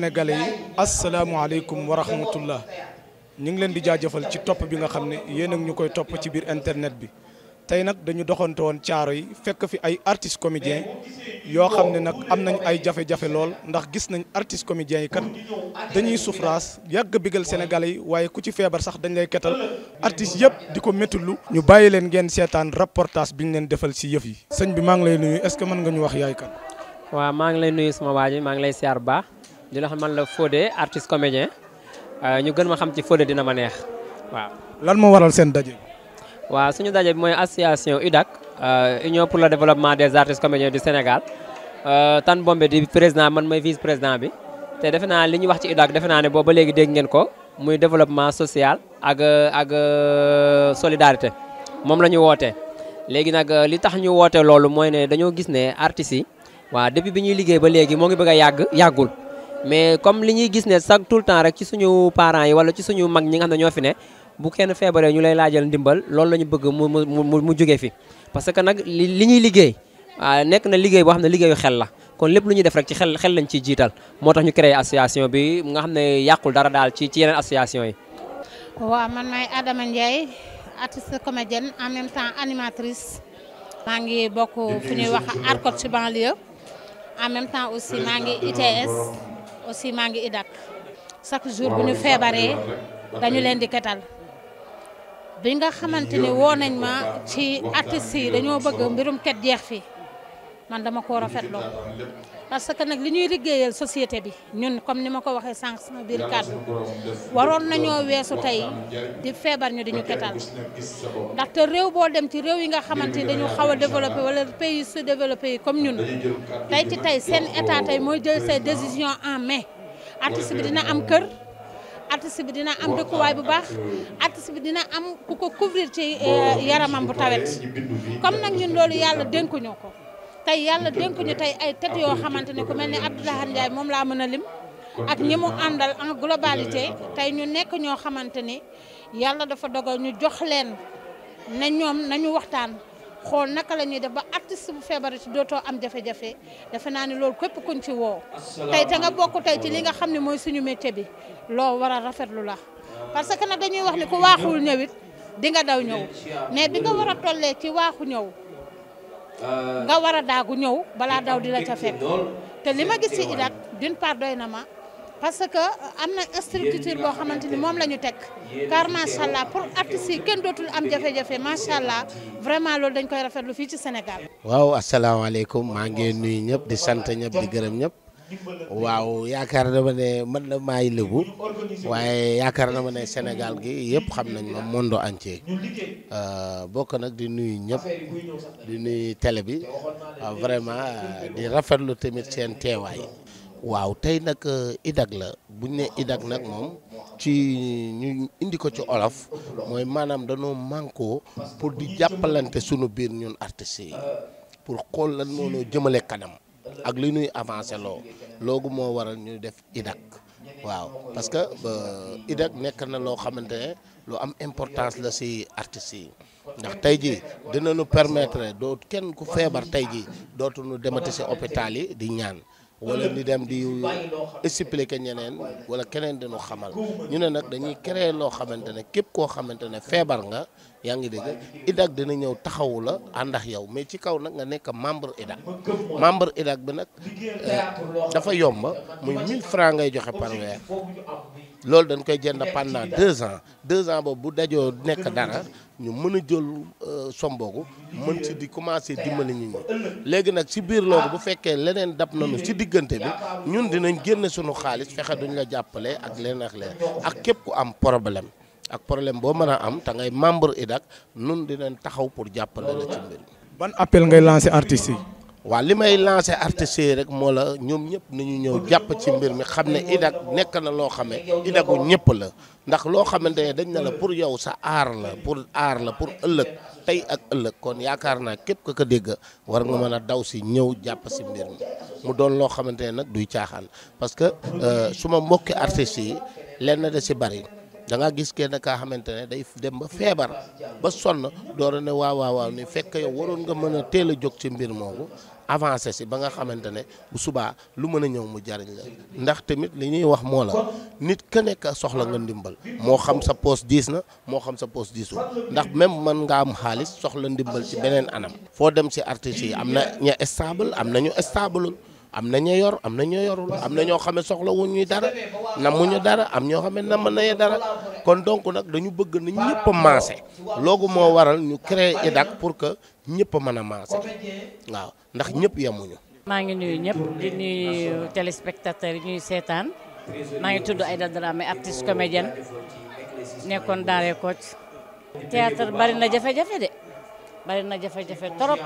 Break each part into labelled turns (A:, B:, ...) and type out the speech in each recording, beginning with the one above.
A: sénégalais yi asalaamualeykum wa rahmatullah ñu ngi leen di jaajëfal ci topp bi nga xam ne yéen ak ñu koy topp ci biir internet bi tey nag dañu doxante woon caaro yi fekk fi ay artistes comédiens yoo xam ne nag am nañ ay jafe-jafe lool ndax gis nañ artistes comédiens yi kat dañuy souffrance yàgg bigal sénégalais yi waaye ku ci feebar sax dañ lay ketal artistes yëpp di ko méttulu ñu bàyyi leen ngeen seetaan reportage bi ñu leen defal si yëf yi sëñ bi maa ngi lay nuyu est-ce que mën nga ñu wax yaay kan
B: waaw maa ngi maa ngi lay siyaar bu di la xam man la Fodé artiste comédien ñu gën ma xam ci Fodé dina ma neex waaw.
A: lan moo waral seen daje.
B: waaw suñu daje bi mooy association UDAC Union pour le développement des artistes comédiens du Sénégal Tan Bombe di président man mooy vice président bi te defe naa li ñu wax ci UDAC defe naa ne boobu ba léegi dégg ngeen ko muy développement social ak ak solidarité moom la ñu woote. léegi nag li tax ñu woote loolu mooy ne dañoo gis ne artistes yi waa depuis bi ñuy liggéey ba léegi moo ngi bëgg a yàgg yàggul. mais comme li ñuy gis ne chaque tout le temps rek ci suñu parent yi wala ci suñu mag ñi nga xam ne ñoo fi ne bu kenn feebaree ñu lay laajal ndimbal loolu la ñu bëgg mu mu mu jógee fi parce que nag li ñuy liggéey nekk na liggéey boo xam ne liggéeyu xel la kon lépp lu ñuy def rek ci xel xel lañ ciy jiital moo tax ñu créé association bi nga xam ne yàqul dara daal ci ci yeneen association yi.
C: waaw man maay Adama Ndiaye artiste comédienne en même temps animatrice. maa ngi bokk fu ñuy même temps aussi aussi maa ngi IDAC chaque jour bu ñu feebaree dañu leen di ketal bi nga xamante woo nañ ma ci artistes yi dañoo bëgg mbirum ket jeex fi man dama ko rafetloo parce que nag li ñuy liggéeyal société bi ñun comme ni ma ko waxee sànq sama biir kàddu waroon nañoo weesu tey di feebar ñu di ñu ketal ndaxte réew boo dem ci réew yi nga xamante ni dañu xaw a développé wala pays sous développé yi comme ñun tey ci tey seen état tey mooy jël say décision en mais
D: artiste bi dina am kër
C: artiste bi dina am dëkkuwaay bu baax artiste bi dina am ku ko couvrir ci eh, yaramam bu tawet comme nag ñun loolu yàlla dénkuñu ko tey yàlla ñu tey ay tët yoo xamante ne ku mel ni Abdoulaye Ndiaye moom laa mën a lim ak ñi mu àndal en globalité tey ñu nekk ñoo xamante ni yàlla dafa dogal ñu jox leen ne ñoom nañu waxtaan xool naka la ñuy def ba artiste bu feebar ci dootoo am jafe-jafe defe naa ne loolu képp kuñ ci woo tey te nga bokk tey ci li nga xam ne mooy suñu métier bi loo war a rafetlu la parce que nag dañuy wax ni ku waaxul ñëwit di nga daw ñëw mais bi nga war a tollee waaxu ñëw Euh, nga war daagu ñëw balaa daw di la ca
A: te li ma gis ci Irak
C: d'une na ma parce que euh, am na structure boo xamante moom la ñu teg car macha allah pour artistes kenn dootul am jafe-jafe macha allah vraiment loolu dañ koy rafetlu fii ci Sénégal.
B: waaw asalaamaaleykum maa ngi nuyu ñëpp di sant ñëpp di gërëm ñëpp. waaw yaakaar na ma ne man la maay lébu waaye yaakaar na ne Sénégal gi yëpp xam nañ ma monde
A: euh,
B: bokk nag di nuyu ñëpp di nuy tele bi euh, vraiment euh, di rafetlu tamit seen teewaay. waaw tey nag idag la buñ ne idag nag moom ci ñu indi ko ci olof mooy maanaam danoo mànkoo pour di jàppalante sunu biir ñun artistes yi pour xool lan moo jëmale kanam. ak lu ñuy avancé loo loogu moo waral ñuy def IDAK waaw parce que euh, IDAK nekk na loo xamante ne lu am importance la si artistes yi ndax tey jii dinañu permettre doo kenn ku feebar tey jii dootuñu demati si hôpital yi di ñaan wala di dem di expliquer ñeneen wala keneen dañu xamal ñu ne nag dañuy créer loo xamante ne képp koo xamante ne feebar nga yaa ngi dégg IDAC dina ñëw taxawu la àndax yow mais ci kaw nag nga nekk membre IDAC membre IDAC bi nag euh, dafa yomba muy 1000 francs ngay joxe par weer loolu dañ koy jënd pendant deux ans deux ans boobu bu dajoo nekk dara ñu mën a jël euh, somboogu mën si di commencer dimbali nit ñi léegi nag si biir loolu bu fekkee leneen dab nañu si diggante bi ñun dinañ génn sunu xaalis fexe duñu la jàppale ak leneen ak leneen ak képp ku am problème ak problème boo mën a am te ngay membre IDAK nun dinañ taxaw pour jàppale la ci mbir mi.
A: ban appel ngay lancé artistes yi.
B: waaw li may lancé artistes yi rek moo la ñoom ñëpp nañu ñëw jàpp ci mbir mi xam ne IDAK nekk na loo xam ne IDAKu ñëpp la ndax loo xamante ne dañ na la pour yow sa aar la pour aar la pour ëllëg tey ak ëllëg kon yaakaar naa képp ku ko dégg war nga mën a daw si ñëw jàpp si mbir mi mu doon loo xamante ne nag duy caaxaan parce que euh, suma mbokki artistes yi lenn da si bari. da ngaa gis kenn kaa xamante ne day dem ba feebar ba sonn door ne waaw waaw waaw ni fekk yow waroon nga mën a teel a jóg ci mbir moomu avancé si ba nga xamante ne bu subaa lu mën a ñëw mu jariñ la ndax tamit li ñuy wax moo la nit ka nekk soxla nga ndimbal moo xam sa poos diis na moo xam sa poos diisul ndax même man nga am xaalis soxla ndimbal ci beneen anam foo dem si artistes yi am na ñu stable am na ñu stablul am na ñu yor am na ñu yorul am na ñoo xam ne soxla wu ñuy dara na mu ñu dara am ñoo xam ne nam nañu dara kon donc nag dañu bëgg na ñëpp a maase loogu moo waral ñu créer IDAC pour que ñëpp mën a maase waaw ndax ñëpp yemuñu.
D: maa ngi nuyu ñëpp di nuyu téléspectateurs yi ñuy seetaan maa ngi tudd Aïda Dramé artiste comédienne nekkoon Daaree Kocc. théâtre bari na jafe-jafe de. bari na jafe-jafe torop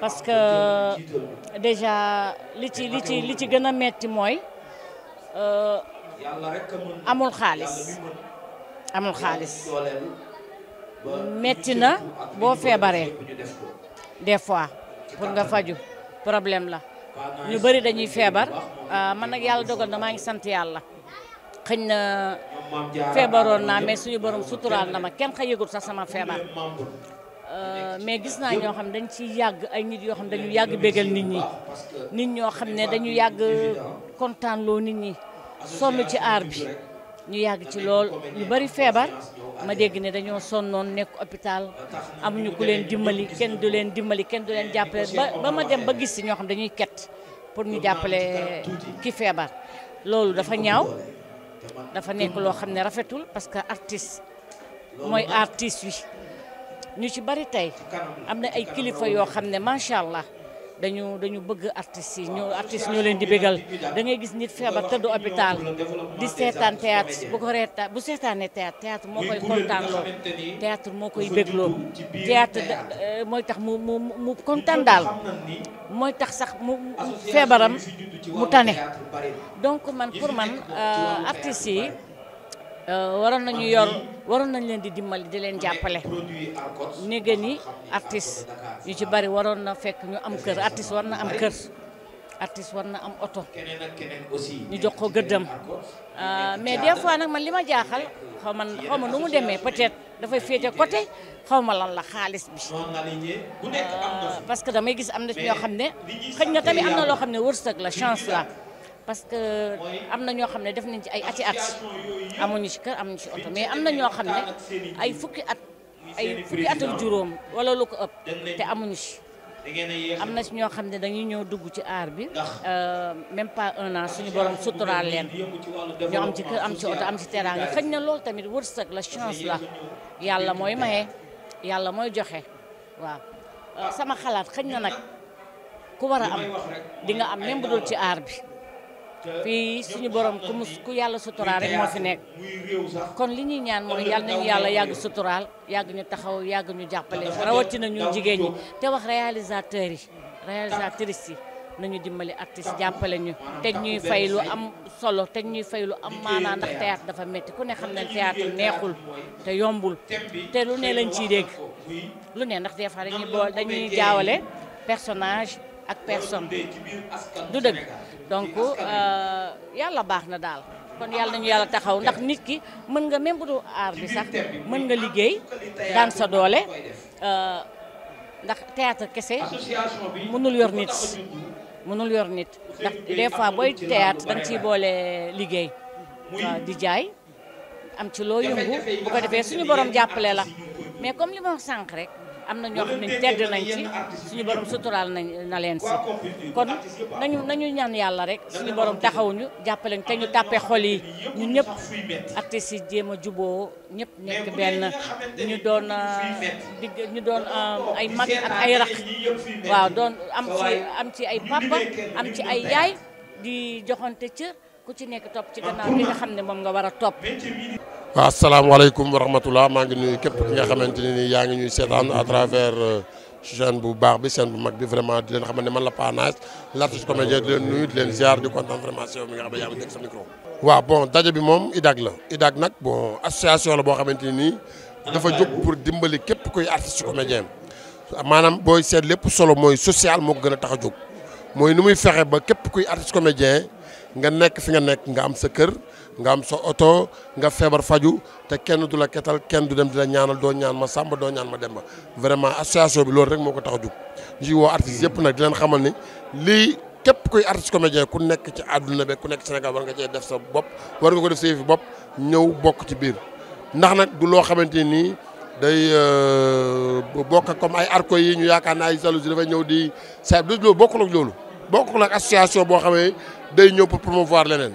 D: parce que déjà li ci li ci li ci gën a metti mooy
E: euh, amul xaalis
D: amul xaalis
E: metti na boo feebaree
D: des fois pour nga faju problème la ñu bari dañuy feebar ah, man nag yàlla dogal damaa ngi sant yàlla xëñ na
E: feebaroon naa mais suñu borom suturaal na ma
D: kenn xa sax sama feebar Euh, mais gis naa ñoo xam ne dañ ci yàgg ay nit yoo xam dañu yàgg bégal nit ñi nit ñoo xam ne dañu yàgg kontaan loo nit ñi sonn ci aar bi ñu yàgg ci lool lu bari feebar ma dégg ne dañoo sonnoon nekk hôpital amuñu ku leen dimbali kenn du leen dimbali kenn du leen jàppale ba ba ma dem ba gis si ñoo xam ne dañuy ket pour ñu jàppale ki feebar loolu dafa ñaaw dafa nekk loo xam ne rafetul parce que artiste mooy artiste wi ñu ci bari tey am na ay kilifa yoo xam ne macha allah dañu dañu bëgg artistes yi ñoo artistes ñoo leen di bégal da gis nit feebar tëdd hôpital di seetaan théâtre bu ko reetaan bu seetaanee théâtre théâtre moo koy kontaan lool théâtre moo koy bégloo théâtre euh, mooy tax mu mu mu kontaan daal mooy tax sax mu feebaram mu tane donc man pour man euh, artistes yi Euh, waroon nañu yor waroon nañ leen di dimbali di leen jàppale néega ni artiste yu ci bari waroon na fekk ñu am kër artiste war na am kër artiste war na am oto ñu jox ko gëddam euh, mais des fois nag man li ma jaaxal xaw man xaw ma nu mu demee peut-être dafay féete côté xaw ma lan la xaalis bi
E: euh,
D: parce que damay gis am na ci ñoo xam ne xëy na tamit am na loo xam ne wërsëg la chance laa parce que am na ñoo xam ne def nañ ci ay ati at amuñu ci kër amuñu ci oto mais am na ñoo xam ne ay fukki at ay fukki at juróom wala lu ko ëpp te amuñu ci am na ci ñoo xam ne dañuy ñëw dugg ci aar bi euh, même pas un an suñu borom suturaal leen ñu am ci kër am ci oto am ci teraanga xëñ na lool tamit wërsëg la chance la yàlla mooy maye yàlla mooy joxe waaw euh, sama xalaat xëñ na nag ku war a am di nga am même ci aar bi fii suñu borom ku ku yàlla suturaal rek moo fi nekk kon li ñuy ñaan mooy yàlla nañu yàlla yàgg suturaal yàgg ñu taxaw yàgg ñu jàppale rawatina ñun jigéen ñi te wax réalisateur yi réalisatrice yi nañu dimbali artiste jàppale ñu te ñuy fay lu am solo te ñuy fay lu am maanaa ndax théâtre dafa métti ku ne xam ne théâtre neexul te yombul te lu ne lañ ciy dégg lu ne ndax des fois dañuy bool dañuy jaawale personnage ak personne du dëgg donc euh, yàlla baax na daal kon yàlla nañu yàlla taxaw ndax nit ki mën nga même bu du bi sax mën nga liggéey daan sa doole euh, ndax théâtre kese mënul yor nit mënul yor nit ndax des fois booy théâtre da nga ciy boole liggéey di jaay am ci loo yëngu bu ko defee suñu borom jàppale la mais comme li ma wax rek am na ñoo xam ne tedd nañ ci suñu borom suturaal na leen si kon nañu ñaan yàlla rek suñu borom taxawuñu jàppaleñ te ñu tàppe xol yi ñun ñëpp yi jéem a juboo ñépp nekk benn euh, ñu doon digg ñu doon ay mag ak ay raq waaw doon am ci am ci ay papa am ci ay yaay di joxante cër ku ci nekk topp ci gannaaw li nga xam ne moom nga war a topp
F: waaw asalaamaaleykum wa ngi nuyu à travers euh, chaîne bu baax bi sen bu mag bi vraiment di man la l'artiste comédien di nuyu di ziar di vraiment ci nga ya ngi micro. bon dajé bi mom IDAG la IDAG bon association la bo xamanteni dafa pour dimbali kep kuy artiste comédien manam solo social mo ba artiste comédien nga am sa oto nga feebar faju te kenn du la ketal kenn du dem di la ñaanal doo ñaan ma sàmba doo ñaan ma dem ba vraiment association bi loolu rek moo ko tax a jug ñu woo yëpp nag di leen xamal ni lii képp kuy artiste comédien ku nekk ci àdduna be ku nekk senegal war nga cee def sa bopp war nga ko def sa yëfi bopp ñëw bokk ci biir ndax nag du loo xamante nii day euh, bokk comme ay arco yi ñu yaakaar na ay jalousie dafay ñëw di sa du loolu bokkul ak loolu bokk ak association boo xamee day ñëw pour promouvoir leneen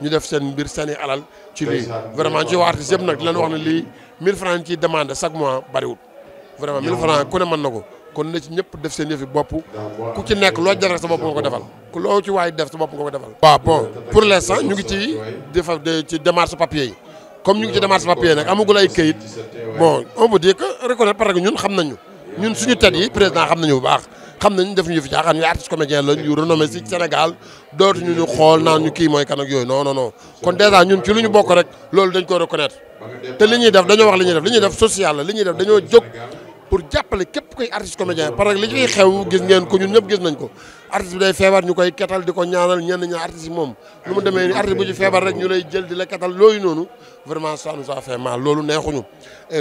F: ñu def seen mbir seeni alal ci lii vraiment ci waa artiste yëpp nag di leen wax ne lii 1000 francs ñu ciy chaque mois bariwul vraiment 1000 francs ku ne mën na ko kon na ci ñëpp def seen fi bopp ku ci nekk loo def sa bopp nga ko defal ku loo ci waay def sa bopp nga ko defal waaw bon pour l'instant ñu ngi ci defa ci démarche papier yi comme ñu ngi ci démarche papier nag amagul ay këyit bon on peut dire que reconnaître que ñun xam nañu ñun suñu tet yi président xam nañu bu baax xam nañu def ñu yëfi caaxaan ñu artiste comédien lañ ñu renommé si Sénégal dootuñu ñu xool naan ñu kii mooy kan ak yooyu non non non kon dèjà ñun ci lu ñu bokk rek loolu dañ ko reconnaître te li ñuy def dañoo wax li ñuy def li ñuy def social la li ñuy def dañoo jóg pour jàppale képp kuy artiste comédien parce que li ciy xew gis ngeen ko ñun ñëpp gis nañ ko artiste bi day feebar ñu koy ketal di ko ñaanal ñenn ña artiste yi moom lu mu demee ni artiste bu ci feebar rek ñu lay jël di la ketal looyu noonu vraiment ça nous a loolu neexuñu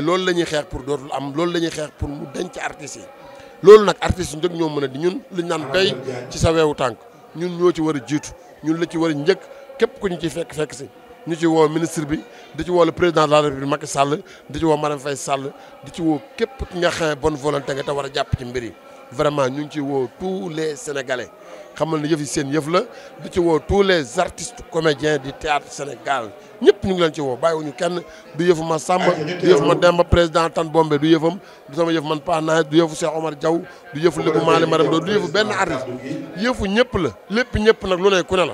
F: loolu la ñuy xeex pour dootul am loolu la ñuy xeex pour mu denc artiste yi loolu nag artistes yi ñoo mën a di ñun liñ naan bay ci sa weewu tànk ñun ñoo ci war a jiitu ñun la ci war a njëkk képp ku ñu ci fekk fekk si ñu ci woo ministre bi di ci woo le président de bi république Macky Sall di ci woo Marème Faye sàll di ci woo képp ki nga xam bonne volonté nga te war a jàpp ci mbir yi vraiment ñu ngi ci woo tous les sénégalais xamal tous les artistes comédiens du théâtre Sénégal ñëpp ñu ngi leen ci bayiwu ñu kenn du yeuf ma Samba du ma président Tan du yeufam du sama du Cheikh Omar Diaw du yeuf Lébu Maram du yeuf ben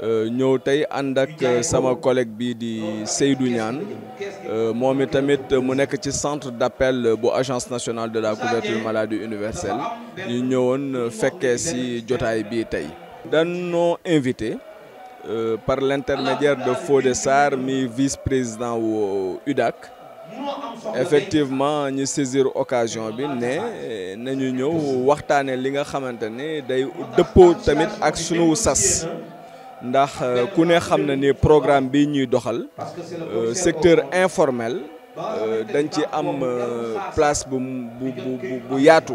G: Nous euh, avons ànd avec euh, sama collègue de Seydou Nyan euh, moom it tamit centre d'appel de l'Agence nationale de la couverture maladie universelle ñu ñëwoon fekkee ci jotaay bii Nous avons invité par l'intermédiaire de Fodé Sarr vice-président de UDAC effectivement ñu saisir l'occasion de ne nañu ñëw waxtaane li nga xamante ne day dëppoo tamit ak sunu sas ndax euh, ku ne xam na ni programme bi ñuy doxal euh, secteur informel euh, dañ ci am place bu bu bu bu yaatu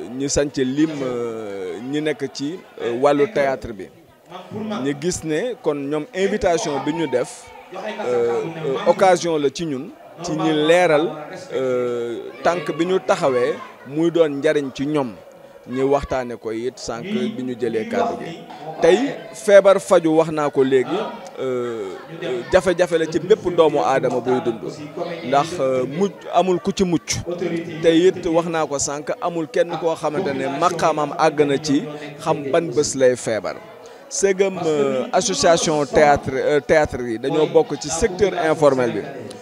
G: ñu sant lim euh, ñi nekk ci euh, wàllu théâtre bi ñu gis ne kon ñoom invitation bi ñu def euh, occasion la ci ñun ci ñi leeral tànk bi ñu taxawee muy doon njariñ ci ñoom ñu waxtaane ko it sànq bi ñu jëlee kàddu gi tey feebar faju wax naa ko léegi jafe-jafe la ci bépp doomu aadama buy dund ndax euh, mucc amul ku ci mucc te wax naa ko sànq amul kenn koo xamante ne maqaamam àgg na ci xam ban bés lay feebar ségam euh, association théâtre euh, théâtre yi dañoo bokk ci secteur informel bi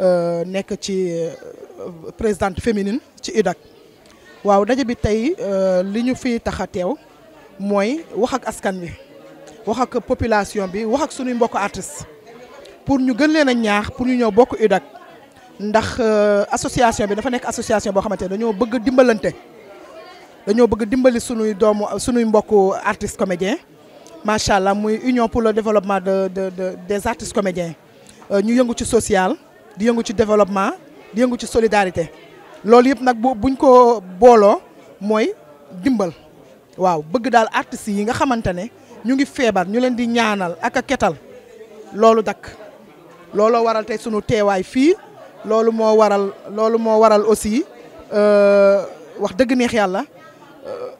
H: Euh, nekk ci euh, présidente féminine ci UDAC waaw daje bi tey euh, li ñu fi tax a teew mooy wax ak askan wi wax ak population bi wax ak suñuy mbokk artiste pour ñu gën leen a ñaax pour ñu ñëw bokk UDAC ndax association bi dafa nekk association boo xamante ne dañoo bëgg dimbalante dañoo bëgg dimbali suñuy doomu suñuy mbokk artiste comédien macha allah muy union pour le développement de de de des artistes comédiens ñu yëngu ci social di yëngu ci développement di yëngu ci solidarité loolu yëpp nag bu buñ ko booloo mooy dimbal waaw bëgg daal artistes yi nga xamante ne ñu ngi feebar ñu leen di ñaanal ak a ketal loolu dakk looloo waral tey sunu teewaay fii loolu moo waral loolu moo waral aussi euh, wax dëgg neex yàlla euh,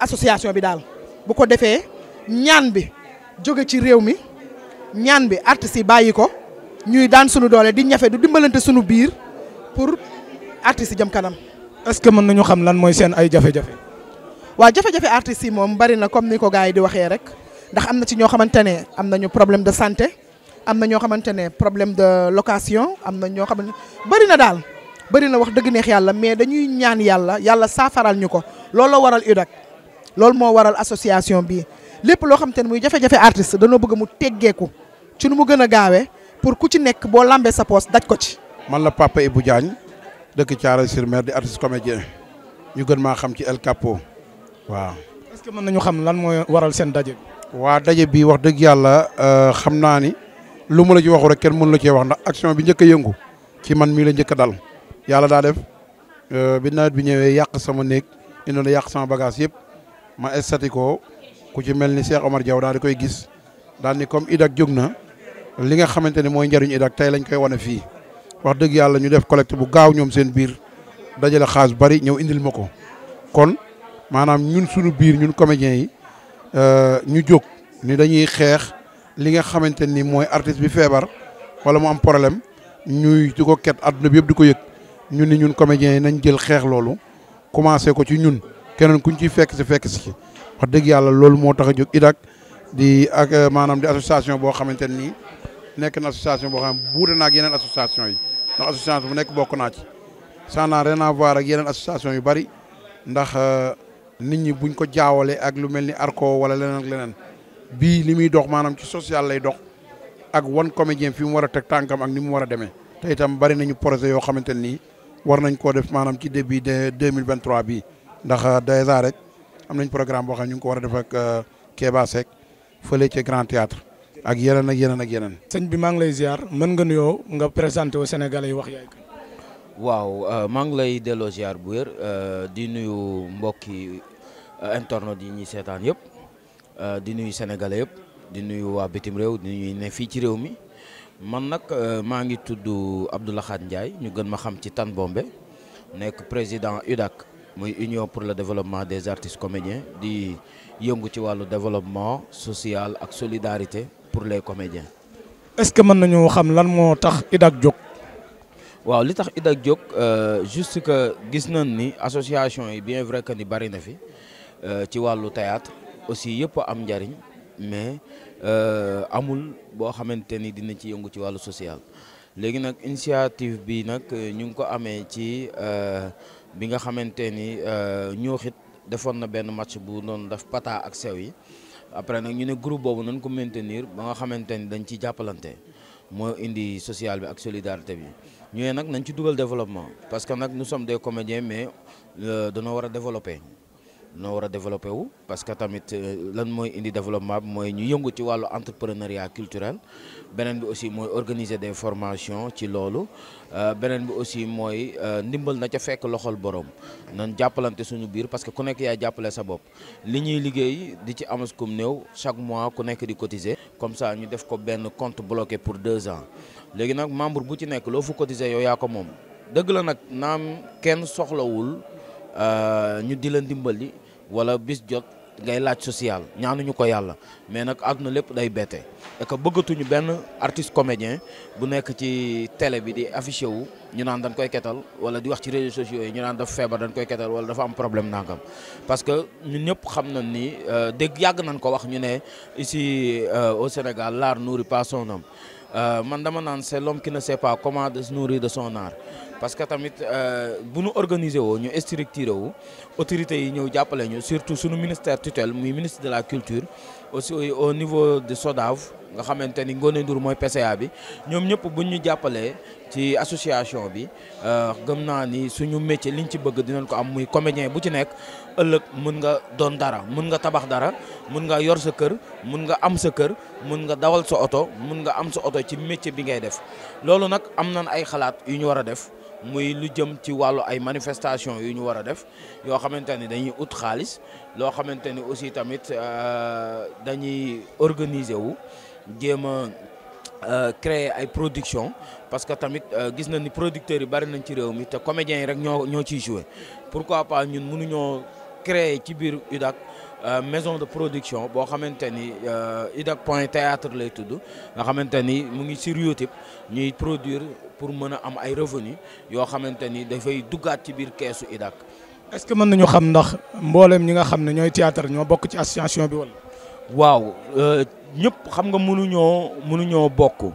H: association bi daal bu ko defee ñaan bi jóge ci réew mi ñaan bi artistes yi bàyyi ko ñuy daan suñu doole di ñafe du dimbalante suñu biir pour artistes yi jëm kanam. est-ce que mën nañu
A: xam lan mooy seen ay jafe-jafe.
H: waaw jafe-jafe artistes yi moom bari na comme ni ko gars yi di waxee rek ndax am na ci ñoo xamante ne am nañu problème de santé am na ñoo xamante ne problème de location am na ñoo xam ne bari na daal bari na wax dëgg neex yàlla mais dañuy ñaan yàlla yàlla saafaral ñu ko looloo waral UDAG loolu moo waral association bi lépp loo xamante ne muy jafe-jafe danoo bëgg mu teggeeku gën a gaawee. pour ku ci nekk boo lambee sa poos daj ko ci.
I: man la papa bu jaañ dëkk Thiaroye-sur-Mer di artiste comédien ñu gën maa xam ci El Capo waaw. est-ce que mën nañu xam lan mooy waral seen daje waa daje bi wax dëgg yàlla euh, xam naa ni lu mu la ci waxu rek kenn mënu la cee wax ndax action bi njëkk a yëngu ci man mii la njëkk a dal yàlla daa def euh, bi nawet bi ñëwee yàq sama néeg indi la yàq sama bagage yëpp ma estati ko ku ci mel ni Cheikh Omar Diaw daal di koy gis daal ni comme Idak jóg na. li nga xamante ne mooy njëriñ IDAK tey lañ koy wane fii wax dëgg yàlla ñu def collecte bu gaaw ñoom seen biir dajale xaas bari ñëw indil ma ko kon maanaam ñun suñu biir ñun comédiens yi euh, ñu jóg ni dañuy xeex li nga xamante ni mooy artiste bi feebar wala mu am problème ñuy di ko ket àdduna yëpp di ko yëg ñun ni ñun comédiens yi nañ jël xeex loolu commencé ko ci ñun keneen kuñ ciy fekk si fekk si wax dëgg yàlla loolu moo tax a jóg IDAK di ak euh, maanaam di association boo xamante nii nekk na association boo xam buure buute naa ak yeneen association yi ndax association bu nekk bokk naa ci ça n'a rien ak yeneen association yu bari ndax euh, nit ñi buñ ko jaawalee ak lu mel ni arco wala leneen leneen bii li muy dox maanaam ci social lay dox ak wan comédien fi mu war a teg tànkam ak ni mu war a demee itam bari nañu projet yoo xamante nii war nañ koo def maanaam ci début de deux mille 2023 bi ndax euh, dèjà rek am nañ programme boo xam ne ñu ngi ko war a def ak euh, fële ca Grand ak yenen ak yenen ak yenen
A: señ bi ma ngi lay ziar man nga nuyo nga présenter au Sénégalais yi wax yaay kan.
E: waaw euh, ma ngi lay delloo ziar bu wér euh, di nuyu mbokki euh, internautes yi ñi sétane yépp di nuyu sénégalais yépp di nuyu wa bitim rew di nuyu ne fi ci rew mi man nak ma ngi tuddu Abdou Lakhat ndjay ñu gën ma xam ci Tan Bombé nek président UDAC muy union pour le développement des artistes comédiens di yëngu ci walu développement social ak solidarité. pour les comédiens.
A: est-ce que mën nañu xam lan moo tax IDAK jóg.
E: waaw li tax IDAK jóg euh, juste que gis nañ ni association yi bien vrai que ni bari na fi euh, ci wàllu théâtre aussi yëpp am njariñ mais euh, amul bo xamanteni dina ci yëngu ci walu social. légui nak initiative bi nak euh, ñu ko amé ci euh bi nga xamanteni euh ñoo xit defoon na ben match bu non daf pata ak sew yi. après nag ñu ne groupe boobu nañ ko maintenir ba nga xamante ni dañ ci jàppalante moo indi social bi ak solidarité bi ñu nag nañ ci dugal développement parce que nag nu nous de des comédiens mais euh, dañoo war a développer noo war a développé wu parce que tamit euh, lan mooy indi développement moy ñu yëngu ci walu entrepreneuriat culturel benen bi aussi moy organiser des formations ci lolu euh, benen bi aussi moy euh, ndimbal na ca fekk loxol borom nan jappalante suñu biir parce que ku nekk ya jappalé sa bop li ñuy liggéey di ci amas kum new chaque mois ku nekk di cotiser comme ça ñu def ko benn compte bloqué pour 2 ans légui nak membre bu ci nekk lo fu cotiser yo yaa ko moom dëgg la nak nam kenn soxlawul. Euh, ñu di la ndimbali wala bis jot ngay laaj social ñaanuñu ko yàlla mais nag àdduna lépp day bette et que bëggatuñu benn artiste comédien bu nekk ci télé bi di affiché wu ñu naan dañ koy ketal wala di wax ci réseaux sociaux yi ñu naan dafa feebar dañ koy ketal wala dafa am problème nangam parce que ñun ñëpp xam nañ ni euh, dégg yàgg nañ ko wax ñu ne ici euh, au Sénégal laar nourrit pas Euh, man dama naan c'est l'homme qui ne sait pas comment se nourrir de son art parce que tamit euh, bu ñu organiser woo ñu structuré wu autorités yi ñëw jàppale ñu surtout suñu ministère tutelle muy ministre de la culture aussi au niveau de SODAV nga xamante ni Ngoné Ndour mooy PCA bi ñoom ñëpp nous ñu jàppalee ci association bi euh, gëm naa ni suñu métier liñ ci bëgg dinañ ko am muy comédien bu ci nekk ëllëg mun nga doon dara mun nga tabax dara mun nga yor sa kër mun nga am sa kër mun nga dawal sa oto mun nga am sa oto ci métier bi ngay def loolu nag am na ay xalaat yu ñu war a def muy lu jëm ci wàllu ay manifestation yu ñu war a def yoo xamante ni dañuy ut xaalis loo xamante ni aussi tamit euh, dañuy organiser wu jéem a euh, créer ay production parce que tamit euh, gis na ni producteurs yi bari nañ ci réew mi te comédiens yi rek ñoo ñoo ciy jouer pourquoi pas ñun mënuñoo créé ci biir UDAC euh, maison de production bo xamanteni ni euh, UDAC point théâtre lay tuddu nga xamanteni ni mu ngi sur YouTube ñuy produire pour mën am ay revenus yo xamanteni da fay duggat ci biir caisse UDAC. est-ce que mën nañu xam
A: ndax mbooleem ñi nga xam ne ñooy théâtre ño bokk ci association bi wala.
E: waaw euh, ñëpp xam nga mënu ñoo mënu ñoo bokk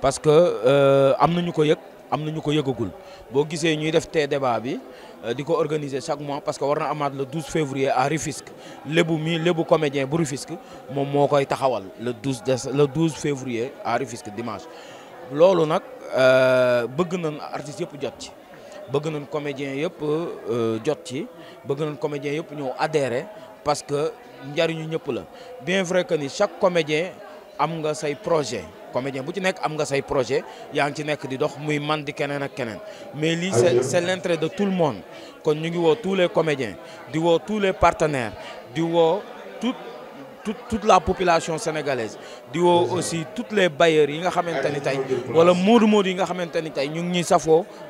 E: parce que euh, am nañu ko yëg am nañu ko yëgagul bo gisee ñuy def té débat bi. Euh, di organiser chaque mois parce que warna na le 12 février à le lébu mi lébu comédien bu Rufisque mom moo taxawal le 12 le 12 février à Rufisque dimanche. nak euh bëgg nañ artiste yëpp jot ci bëgg nañ comédien yëpp euh, jot ci bëgg nañ comédien yëpp ñoo adhéré parce que njariñu ñëpp la bien vrai que ni chaque comédien am nga say projet comédien bu ci projet, projet di dox muy man di ak mais c'est l'intérêt de tout le monde kon ñu tous les comédiens di tous les partenaires di les tout toute la population sénégalaise duo aussi toutes les bailleurs yi nga xamante ni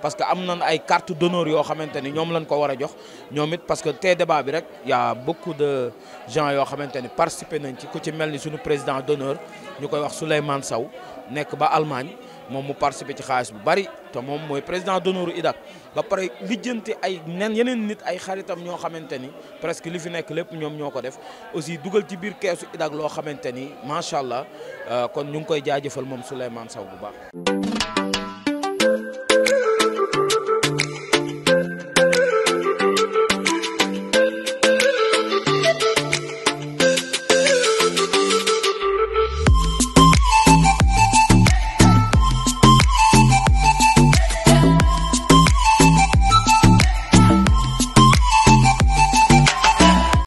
E: parce que ont nañ ay carte d'honneur yo ont ñom lañ ko parce que débat bi y a beaucoup de gens qui participent participer nañ ci ku ci suñu président d'honneur ñukoy wax Allemagne moom mu participer ci xaalis bu bari te moom mooy président d'honneur IDAC ba pare lijjanti ay nen yeneen nit ay xaritam ñoo xamante ni presque li fi nekk lépp ñoom ñoo ko def aussi dugal ci biir keesu idak loo xamante ni macha allah euh, kon ñu ngi koy jaajëfal moom Souleymane Sow bu baax.